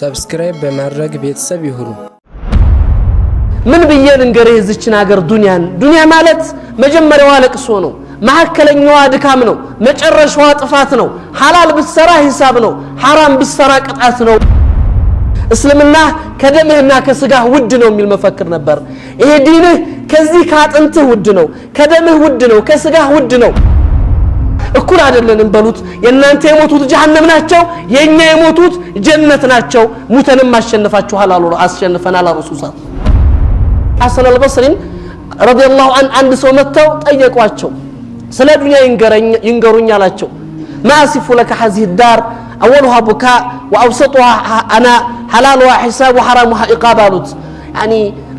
ሰብስክራይብ በማድረግ ቤተሰብ ይሁኑ። ምን ብዬ ልንገርህ የዚችን አገር ዱንያን። ዱንያ ማለት መጀመሪያዋ ለቅሶ ነው፣ መካከለኛዋ ድካም ነው፣ መጨረሻዋ ጥፋት ነው። ሐላል ብትሰራ ሂሳብ ነው፣ ሐራም ብትሰራ ቅጣት ነው። እስልምና ከደምህና ከስጋህ ውድ ነው የሚል መፈክር ነበር። ይሄ ዲንህ ከዚህ ከአጥንትህ ውድ ነው፣ ከደምህ ውድ ነው፣ ከስጋህ ውድ ነው። እኩል አይደለንም በሉት። የእናንተ የሞቱት ጀሃነም ናቸው፣ የእኛ የሞቱት ጀነት ናቸው። ሙተንም አሸንፋችኋል አሉ አስሸንፈናል አሉ ረሱል ሐሰን አልበስሪን ረዲየላሁ አን አንድ ሰው መጥተው ጠየቋቸው። ስለ ዱንያ ይንገሩኝ አላቸው። ማአሲፉ ለከ ሀዚህ ዳር አወሉሃ ቡካ ወአውሰጡሃ አና ሐላሉሃ ሒሳብ ወሐራሙሃ ኢቃብ አሉት። ያኒ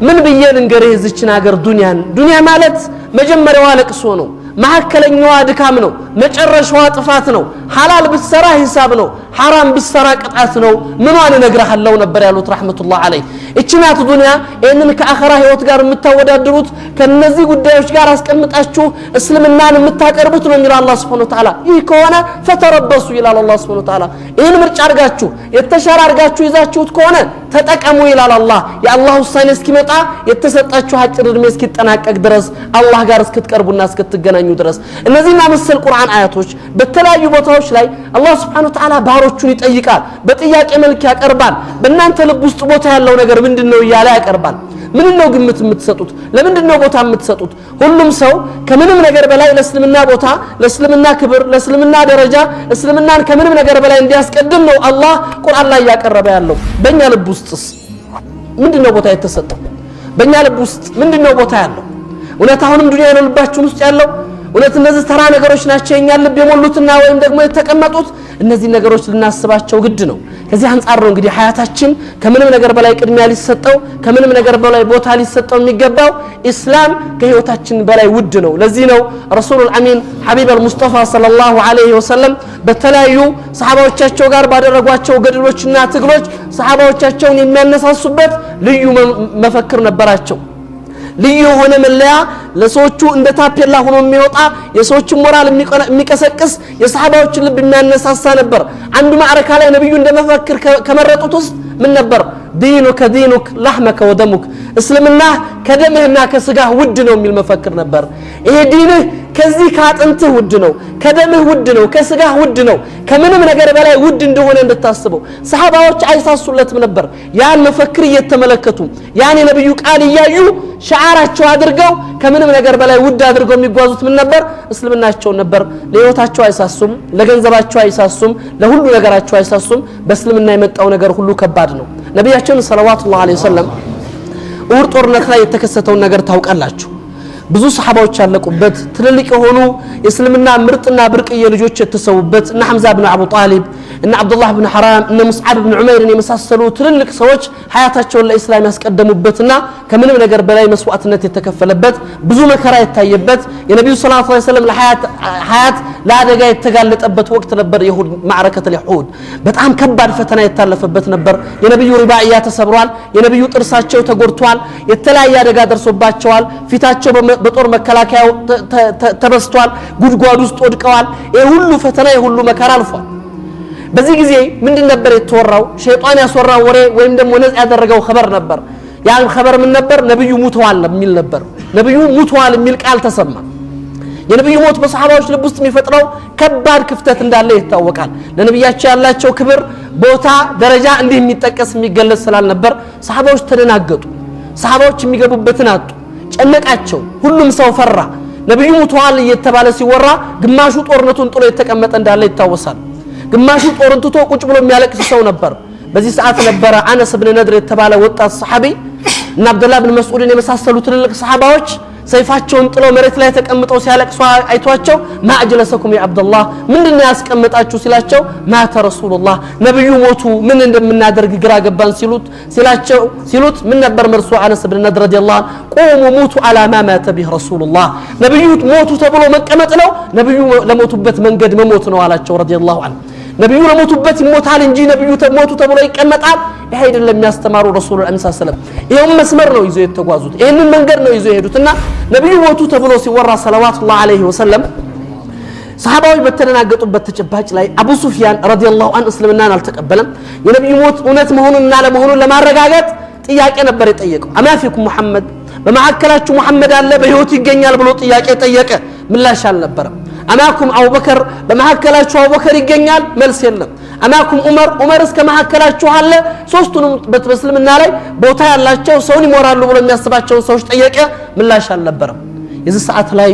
ምን ብዬ ልንገርህ እዚችን ሀገር ዱንያን። ዱንያ ማለት መጀመሪያዋ ለቅሶ ነው። መካከለኛዋ ድካም ነው። መጨረሻዋ ጥፋት ነው። ሐላል ብትሰራ ሂሳብ ነው፣ ሐራም ብትሰራ ቅጣት ነው። ምኗን እነግርሃለሁ ነበር ያሉት ረሕመቱላህ አለይ እቺ ናት ዱንያ። ይህንን ከአኸራ ህይወት ጋር የምታወዳድሩት ከነዚህ ጉዳዮች ጋር አስቀምጣችሁ እስልምናን የምታቀርቡት ነው የሚለው አላህ ስብሐነሁ ወተዓላ። ይህ ከሆነ ፈተረበሱ ይላል አላህ ስብሐነሁ ወተዓላ። ይህን ምርጫ አድርጋችሁ የተሻለ አድርጋችሁ ይዛችሁት ከሆነ ተጠቀሙ ይላል አላህ የአላህ ውሳኔ እስኪመጣ የተሰጣችሁ አጭር እድሜ እስኪጠናቀቅ ድረስ አላህ ጋር እስክትቀርቡና እስክትገናኙ ድረስ እነዚህና መሰል ቁርአን አያቶች በተለያዩ ቦታዎች ላይ አላህ ስብሓን ተዓላ ባሮቹን ይጠይቃል በጥያቄ መልክ ያቀርባል በእናንተ ልብ ውስጥ ቦታ ያለው ነገር ምንድን ነው እያለ ያቀርባል ምንድን ነው ግምት የምትሰጡት? ለምንድን ነው ቦታ የምትሰጡት? ሁሉም ሰው ከምንም ነገር በላይ ለእስልምና ቦታ፣ ለእስልምና ክብር፣ ለእስልምና ደረጃ እስልምናን ከምንም ነገር በላይ እንዲያስቀድም ነው አላህ ቁርአን ላይ እያቀረበ ያለው። በእኛ ልብ ውስጥስ ምንድን ነው ቦታ የተሰጠው? በእኛ ልብ ውስጥ ምንድን ነው ቦታ ያለው? እውነት አሁንም ዱንያ ነው ልባችን ውስጥ ያለው እውነት እነዚህ ተራ ነገሮች ናቸው የኛ ልብ የሞሉትና ወይም ደግሞ የተቀመጡት? እነዚህ ነገሮች ልናስባቸው ግድ ነው። ከዚህ አንጻር ነው እንግዲህ ሀያታችን ከምንም ነገር በላይ ቅድሚያ ሊሰጠው ከምንም ነገር በላይ ቦታ ሊሰጠው የሚገባው ኢስላም ከህይወታችን በላይ ውድ ነው። ለዚህ ነው ረሱሉል አሚን ሐቢብ አልሙስጠፋ ሰለላሁ ዐለይሂ ወሰለም በተለያዩ ሰሓባዎቻቸው ጋር ባደረጓቸው ገድሎችና ትግሎች ሰሓባዎቻቸውን የሚያነሳሱበት ልዩ መፈክር ነበራቸው። ልዩ የሆነ መለያ ለሰዎቹ እንደ ታፔላ ሆኖ የሚወጣ የሰዎችን ሞራል የሚቀሰቅስ የሰሃባዎችን ልብ የሚያነሳሳ ነበር። አንዱ ማዕረካ ላይ ነብዩ እንደመፈክር ከመረጡት ውስጥ ምን ነበር? ዲኑከ ዲኑክ ላህመከ ወደሙክ፣ እስልምና ከደምህና ከስጋህ ውድ ነው የሚል መፈክር ነበር። ይሄ ዲንህ ከዚህ ከአጥንትህ ውድ ነው፣ ከደምህ ውድ ነው፣ ከስጋህ ውድ ነው፣ ከምንም ነገር በላይ ውድ እንደሆነ እንድታስበው። ሰሃባዎች አይሳሱለትም ነበር። ያን መፈክር እየተመለከቱ ያን የነብዩ ቃል እያዩ ሸዓራቸው አድርገው ከምንም ነገር በላይ ውድ አድርገው የሚጓዙት ምን ነበር? እስልምናቸውን ነበር። ለህይወታቸው አይሳሱም፣ ለገንዘባቸው አይሳሱም፣ ለሁሉ ነገራቸው አይሳሱም። በእስልምና የመጣው ነገር ሁሉ ከባድ ነው። ነቢያችን ሰለዋቱላሁ ዐለይሂ ወሰለም ኡር ጦርነት ላይ የተከሰተውን ነገር ታውቃላችሁ። ብዙ ሰሓባዎች ያለቁበት ትልልቅ የሆኑ የእስልምና ምርጥና ብርቅዬ ልጆች የተሰዉበት እና ሐምዛ ብን አቡ ጣሊብ እነ አብዱላህ ብን ሐራም እነ ሙስዓብ ብን ዑመይርን የመሳሰሉ ትልልቅ ሰዎች ሀያታቸውን ለእስላም ያስቀደሙበትና ከምንም ነገር በላይ መስዋዕትነት የተከፈለበት ብዙ መከራ የታየበት የነቢዩ ስላ ሰለም ሀያት ለአደጋ የተጋለጠበት ወቅት ነበር የሁድ ማዕረከት ልሑድ በጣም ከባድ ፈተና የታለፈበት ነበር የነቢዩ ሪባእያ ተሰብሯል የነቢዩ ጥርሳቸው ተጎድቷል የተለያየ አደጋ ደርሶባቸዋል ፊታቸው በጦር መከላከያ ተበስቷል ጉድጓድ ውስጥ ወድቀዋል ይህ ሁሉ ፈተና የሁሉ መከራ አልፏል በዚህ ጊዜ ምንድን ነበር የተወራው? ሸይጣን ያስወራው ወሬ ወይም ደግሞ ነጽ ያደረገው ኸበር ነበር። ያን ኸበር ምን ነበር? ነብዩ ሙተዋል የሚል ነበር። ነብዩ ሙተዋል የሚል ቃል ተሰማ። የነብዩ ሞት በሰሃባዎች ልብ ውስጥ የሚፈጥረው ከባድ ክፍተት እንዳለ ይታወቃል። ለነብያቸው ያላቸው ክብር፣ ቦታ፣ ደረጃ እንዲህ የሚጠቀስ የሚገለጽ ስላልነበር ሰሃባዎች ተደናገጡ። ሰሃባዎች የሚገቡበትን አጡ፣ ጨነቃቸው። ሁሉም ሰው ፈራ። ነብዩ ሙተዋል እየተባለ ሲወራ ግማሹ ጦርነቱን ጥሎ የተቀመጠ እንዳለ ይታወሳል። ግማሹ ጦርን ትቶ ቁጭ ብሎ የሚያለቅስ ሰው ነበር። በዚህ ሰዓት ነበረ አነስ ብን ነድር የተባለ ወጣት ሰሓቢ እና አብደላ ብን መስዑድን የመሳሰሉ ትልልቅ ሰሓባዎች ሰይፋቸውን ጥለው መሬት ላይ ተቀምጠው ሲያለቅሱ አይቷቸው ማዕጅለሰኩም ያ አብደላህ ምንድን ያስቀመጣችሁ ሲላቸው ማተ ረሱሉላህ ነብዩ ሞቱ ምን እንደምናደርግ ግራ ገባን ሲሉት ሲላቸው ሲሉት ምን ነበር መርሱ አነስ ብን ነድ ረዲየላሁ ቁሙ ሙቱ አላ ማ ማተ ቢህ ረሱሉላህ ነብዩ ሞቱ ተብሎ መቀመጥ ነው ነብዩ ለሞቱበት መንገድ መሞት ነው አላቸው ረዲየላሁ አንሁ ነቢዩ ለሞቱበት ይሞታል እንጂ ነቢዩ ሞቱ ተብሎ ይቀመጣል። ይህ አይደለም የሚያስተማሩ ረሱሉ አምሳ ሰለም። ይኸውም መስመር ነው ይዞ የተጓዙት፣ ይህንን መንገድ ነው ይዞ የሄዱት እና ነቢዩ ሞቱ ተብሎ ሲወራ ሰለዋቱላህ ዓለይሂ ወሰለም ሰሃባዊ በተደናገጡበት ተጨባጭ ላይ አቡ ሱፊያን ረዲየላሁ አንሁ እስልምናን አልተቀበለም። የነቢዩ ሞት እውነት መሆኑንና ለመሆኑን ለማረጋገጥ ጥያቄ ነበር የጠየቀው። አማፊኩም ሙሐመድ፣ በመካከላችሁ ሙሐመድ አለ በህይወቱ ይገኛል ብሎ ጥያቄ ጠየቀ። ምላሽ አልነበረም። አማኩም አቡበከር በመካከላችሁ አቡበከር ይገኛል መልስ የለም አማኩም ዑመር ዑመር እስከ መካከላችሁ አለ ሶስቱንም በእስልምና ላይ ቦታ ያላቸው ሰውን ይሞራሉ ብሎ የሚያስባቸውን ሰዎች ጠየቀ ምላሽ አልነበረም የዚህ ሰዓት ላይ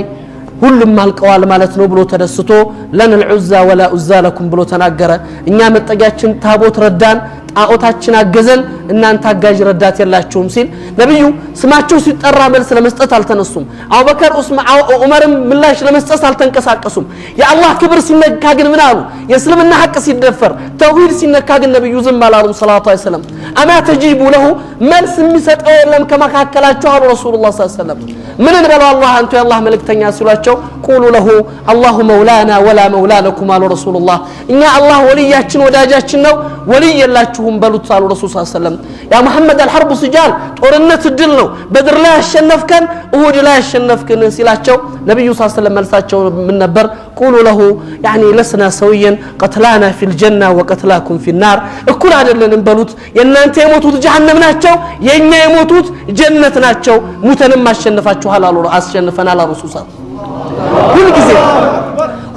ሁሉም አልቀዋል ማለት ነው ብሎ ተደስቶ ለን ልዑዛ ወላ ኡዛ ለኩም ብሎ ተናገረ እኛ መጠጊያችን ታቦት ረዳን ጣዖታችን አገዘን፣ እናንተ አጋዥ ረዳት የላችሁም ሲል ነቢዩ ስማቸው ሲጠራ መልስ ለመስጠት አልተነሱም። አቡበከር ዑመርም ምላሽ ለመስጠት አልተንቀሳቀሱም። የአላህ ክብር ሲነካ ግን ምን አሉ? የእስልምና ሐቅ ሲደፈር፣ ተውሂድ ሲነካ ግን ነቢዩ ዝም አላሉም። ሰላቱ ሰለም አማ ተጂቡ ለሁ መልስ የሚሰጠው የለም ከመካከላቸው አሉ ረሱሉላ ሰለም ምን እንበለው አላህ አንቱ የአላህ መልእክተኛ ሲሏቸው ቁሉ ለሁ አላሁ መውላና ወላ መውላ ለኩም አሉ ረሱሉላህ እኛ አላህ ወልያችን ወዳጃችን ነው ወልይ የላችሁ ሁላችሁም በሉት አሉ ረሱል ስ ሰለም ያ መሐመድ አልሐርቡ ስጃል ጦርነት ድል ነው በድር ላይ ያሸነፍከን እሁድ ላይ ያሸነፍክን ሲላቸው ነቢዩ ስ ሰለም መልሳቸው ምን ነበር ቁሉ ለሁ ያኒ ለስና ሰውየን ቀትላና ፊልጀና ወቀትላኩም ናር እኩል አይደለንም በሉት የእናንተ የሞቱት ጀሃነም ናቸው የእኛ የሞቱት ጀነት ናቸው ሙተንም አሸንፋችኋል አሉ አስሸንፈናል አሉ ረሱል ሁልጊዜ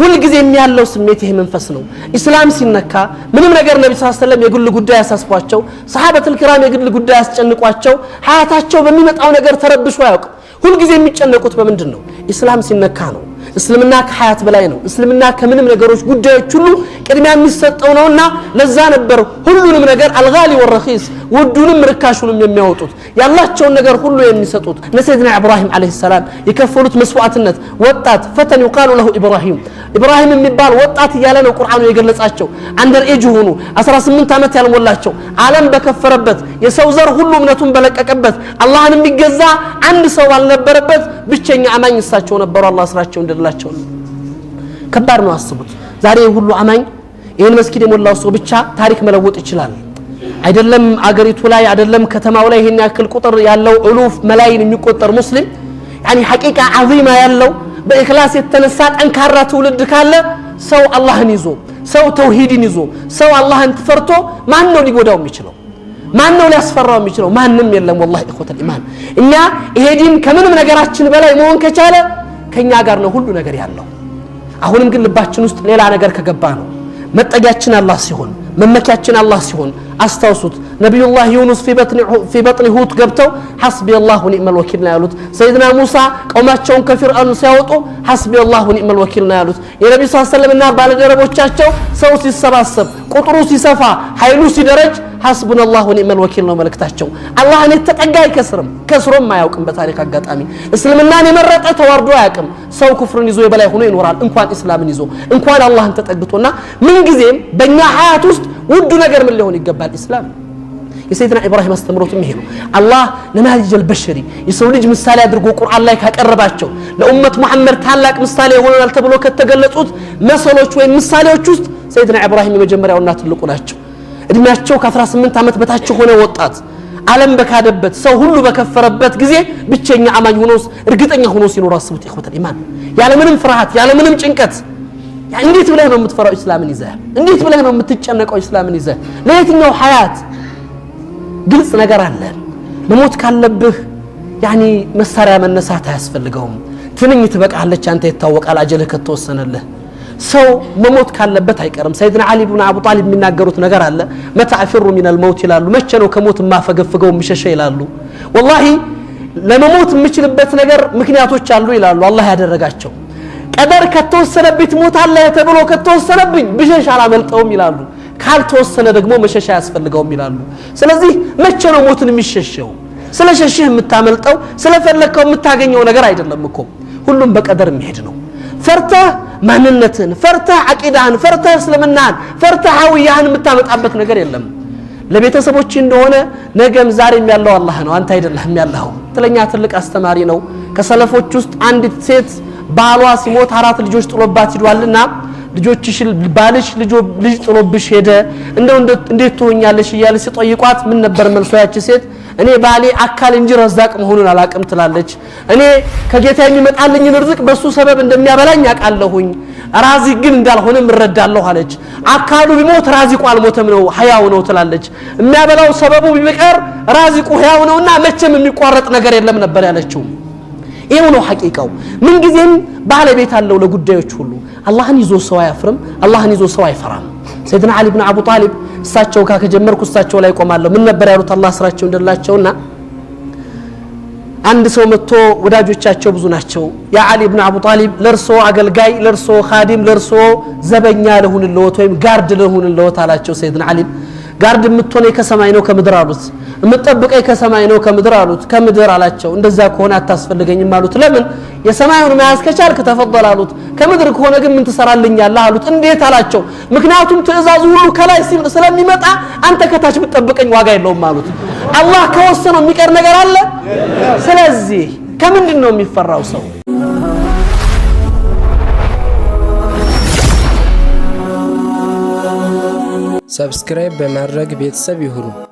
ሁልጊዜም ያለው ስሜት ይሄ መንፈስ ነው። ኢስላም ሲነካ ምንም ነገር ነቢ ስ ሰለም የግል ጉዳይ ያሳስቧቸው፣ ሰሓበቱል ክራም የግል ጉዳይ ያስጨንቋቸው፣ ሀያታቸው በሚመጣው ነገር ተረብሾ አያውቅም። ሁልጊዜ የሚጨነቁት በምንድን ነው? ኢስላም ሲነካ ነው። እስልምና ከሀያት በላይ ነው። እስልምና ከምንም ነገሮች ጉዳዮች ሁሉ ቅድሚያ የሚሰጠው ነውና ለዛ ነበር ሁሉንም ነገር አልጋሊ ወረኺስ ውዱንም ርካሹንም የሚያወጡት ያላቸውን ነገር ሁሉ የሚሰጡት። ነሰይድና ኢብራሂም ዓለይሂ ሰላም የከፈሉት መስዋዕትነት ወጣት ፈተን ዩቃሉ ለሁ ኢብራሂም ኢብራሂም የሚባል ወጣት እያለ ነው ቁርአኑ የገለጻቸው። አንደር ኤጅ ሆኑ 18 ዓመት ያልሞላቸው ዓለም በከፈረበት የሰው ዘር ሁሉ እምነቱን በለቀቀበት አላህን የሚገዛ አንድ ሰው ባልነበረበት ብቸኛ አማኝ እሳቸው ነበሩ። አላህ ስራቸው ያደርግላቸው ከባድ ነው። አስቡት። ዛሬ ሁሉ አማኝ ይህን መስጊድ የሞላው ሰው ብቻ ታሪክ መለወጥ ይችላል። አይደለም አገሪቱ ላይ አይደለም ከተማው ላይ ይህን ያክል ቁጥር ያለው እሉፍ መላይን የሚቆጠር ሙስሊም ያኒ ሐቂቃ ዓዚማ ያለው በእክላስ የተነሳ ጠንካራ ትውልድ ካለ ሰው አላህን ይዞ ሰው ተውሂድን ይዞ ሰው አላህን ትፈርቶ ማን ነው ሊጎዳው የሚችለው? ማን ነው ሊያስፈራው የሚችለው? ማንም የለም። ወላሂ ኢኽወተል ኢማን እኛ ይሄ ዲን ከምንም ነገራችን በላይ መሆን ከቻለ ከኛ ጋር ነው ሁሉ ነገር ያለው። አሁንም ግን ልባችን ውስጥ ሌላ ነገር ከገባ ነው መጠጊያችን አላህ ሲሆን መመኪያችን አላህ ሲሆን አስታውሱት ነቢዩላህ ዩኑስ ፊ በጥኒ ሁት ገብተው ሐስቢ አላሁ ኒዕመል ወኪል ነው ያሉት ሰይድና ሙሳ ቀውማቸውን ከፊርአኑ ሲያወጡ ሐስቢ አላሁ ኒዕመል ወኪል ነው ያሉት የነቢ ስ ሰለም እና ሰው ሲሰባሰብ ቁጥሩ ሲሰፋ ኃይሉ ሲደረጅ ሐስቡን አላሁ ኒዕመል ወኪል ነው መልእክታቸው አላህን የተጠጋ አይከስርም ከስሮም አያውቅም በታሪክ አጋጣሚ እስልምናን የመረጠ ተዋርዶ አያውቅም ሰው ክፍርን ይዞ የበላይ ሆኖ ይኖራል እንኳን እስላምን ይዞ እንኳን አላህን ተጠግቶና ምንጊዜም በእኛ ሀያት ውስጥ ውዱ ነገር ምን ሊሆን ይገባል ኢስላም የሰይድና ኢብራሂም አስተምሮት ይሄ ነው። አላህ ለማህጅል በሸሪ የሰው ልጅ ምሳሌ አድርጎ ቁርአን ላይ ካቀረባቸው ለኡመት መሐመድ ታላቅ ምሳሌ ይሆናል ተብሎ ከተገለጹት መሰሎች ወይም ምሳሌዎች ውስጥ ሰይድና ኢብራሂም የመጀመሪያውና ትልቁ ናቸው። እድሜያቸው ከ18 ዓመት በታች ሆነ ወጣት ዓለም በካደበት ሰው ሁሉ በከፈረበት ጊዜ ብቸኛ አማኝ ሆኖ እርግጠኛ ሆኖ ሲኖር አስቡት። ይኸውታል ኢማን ያለምንም ፍርሃት ያለምንም ጭንቀት እንዴት ብለህ ነው የምትፈራው? እስላምን ይዘህ እንዴት ብለህ ነው የምትጨነቀው? እስላምን ይዘህ ለየትኛው ሀያት ግልጽ ነገር አለ። መሞት ካለብህ ያኔ መሳሪያ መነሳት አያስፈልገውም። ትንኝ ትበቃለች፣ አንተ ይታወቃል፣ አጀልህ ከተወሰነልህ። ሰው መሞት ካለበት አይቀርም። ሰይድና አሊ ብን አቡ ጣሊብ የሚናገሩት ነገር አለ። መታ ሚነል መውት ይላሉ። መቼ ነው ከሞት የማፈገፍገው የምሸሸ ይላሉ። ወላሂ ለመሞት የምችልበት ነገር ምክንያቶች አሉ ይላሉ። አላህ ያደረጋቸው ቀደር ከተወሰነብኝ ትሞታለህ ተብሎ ከተወሰነብኝ ብሸሽ አላመልጠውም ይላሉ። ካልተወሰነ ደግሞ መሸሻ ያስፈልገውም ይላሉ። ስለዚህ መቼ ነው ሞትን የሚሸሸው? ስለ ሸሽህ የምታመልጠው ስለፈለግከው የምታገኘው ነገር አይደለም እኮ ሁሉም በቀደር የሚሄድ ነው። ፈርተህ ማንነትን ፈርተህ አቂዳህን፣ ፈርተህ እስልምናህን፣ ፈርተህ ሀውያህን የምታመጣበት ነገር የለም። ለቤተሰቦች እንደሆነ ነገም ዛሬም ያለው አላህ ነው፣ አንተ አይደለህም ያለኸው። ትለኛ ትልቅ አስተማሪ ነው። ከሰለፎች ውስጥ አንዲት ሴት ባሏ ሲሞት አራት ልጆች ጥሎባት ሂዷልና ልጆችሽ ባልሽ ልጅ ጥሎብሽ ሄደ፣ እንደው እንዴት ትሆኛለሽ እያለ ሲጠይቋት ምን ነበር መልሶ ሴት እኔ ባሌ አካል እንጂ ረዛቅ መሆኑን አላቅም ትላለች። እኔ ከጌታ የሚመጣልኝን ርዝቅ በሱ ሰበብ እንደሚያበላኝ አውቃለሁኝ፣ ራዚ ግን እንዳልሆነ እረዳለሁ አለች። አካሉ ቢሞት ራዚቁ አልሞተም ነው ህያው ነው ትላለች። የሚያበላው ሰበቡ ቢቀር ራዚቁ ህያው ነውና መቼም የሚቋረጥ ነገር የለም ነበር ያለችው። ይሄው ነው ሐቂቃው። ምንጊዜም ባለቤት አለው ለጉዳዮች ሁሉ። አላህን ይዞ ሰው አያፍርም። አላህን ይዞ ሰው አይፈራም። ሰይድና ዓሊ ብን አቡ ጣሊብ እሳቸው ካ ከጀመርኩ እሳቸው ላይ ቆማለሁ። ምን ነበር ያሉት? አላህ ስራቸው እንደላቸውና አንድ ሰው መጥቶ ወዳጆቻቸው ብዙ ናቸው። ያ ዓሊ ብን አቡ ጣሊብ ለእርሶ አገልጋይ፣ ለእርሶ ኻዲም፣ ለእርሶ ዘበኛ ልሁንልዎት ወይም ጋርድ ልሁንልዎት አላቸው። ሰይድና ዓሊም ጋርድ የምትሆነ ከሰማይ ነው ከምድር አሉት። የምትጠብቀኝ ከሰማይ ነው ከምድር አሉት ከምድር አላቸው እንደዛ ከሆነ አታስፈልገኝም አሉት ለምን የሰማዩን መያዝ ከቻልክ አሉት ከምድር ከሆነ ግን ምን ትሰራልኛለህ አሉት እንዴት አላቸው ምክንያቱም ትእዛዙ ሁሉ ከላይ ስለሚመጣ አንተ ከታች ብትጠብቀኝ ዋጋ የለውም አሉት አላህ ከወሰነው የሚቀር ነገር አለ ስለዚህ ከምንድን ነው የሚፈራው ሰው ሰብስክራይብ በማድረግ ቤተሰብ ይሁኑ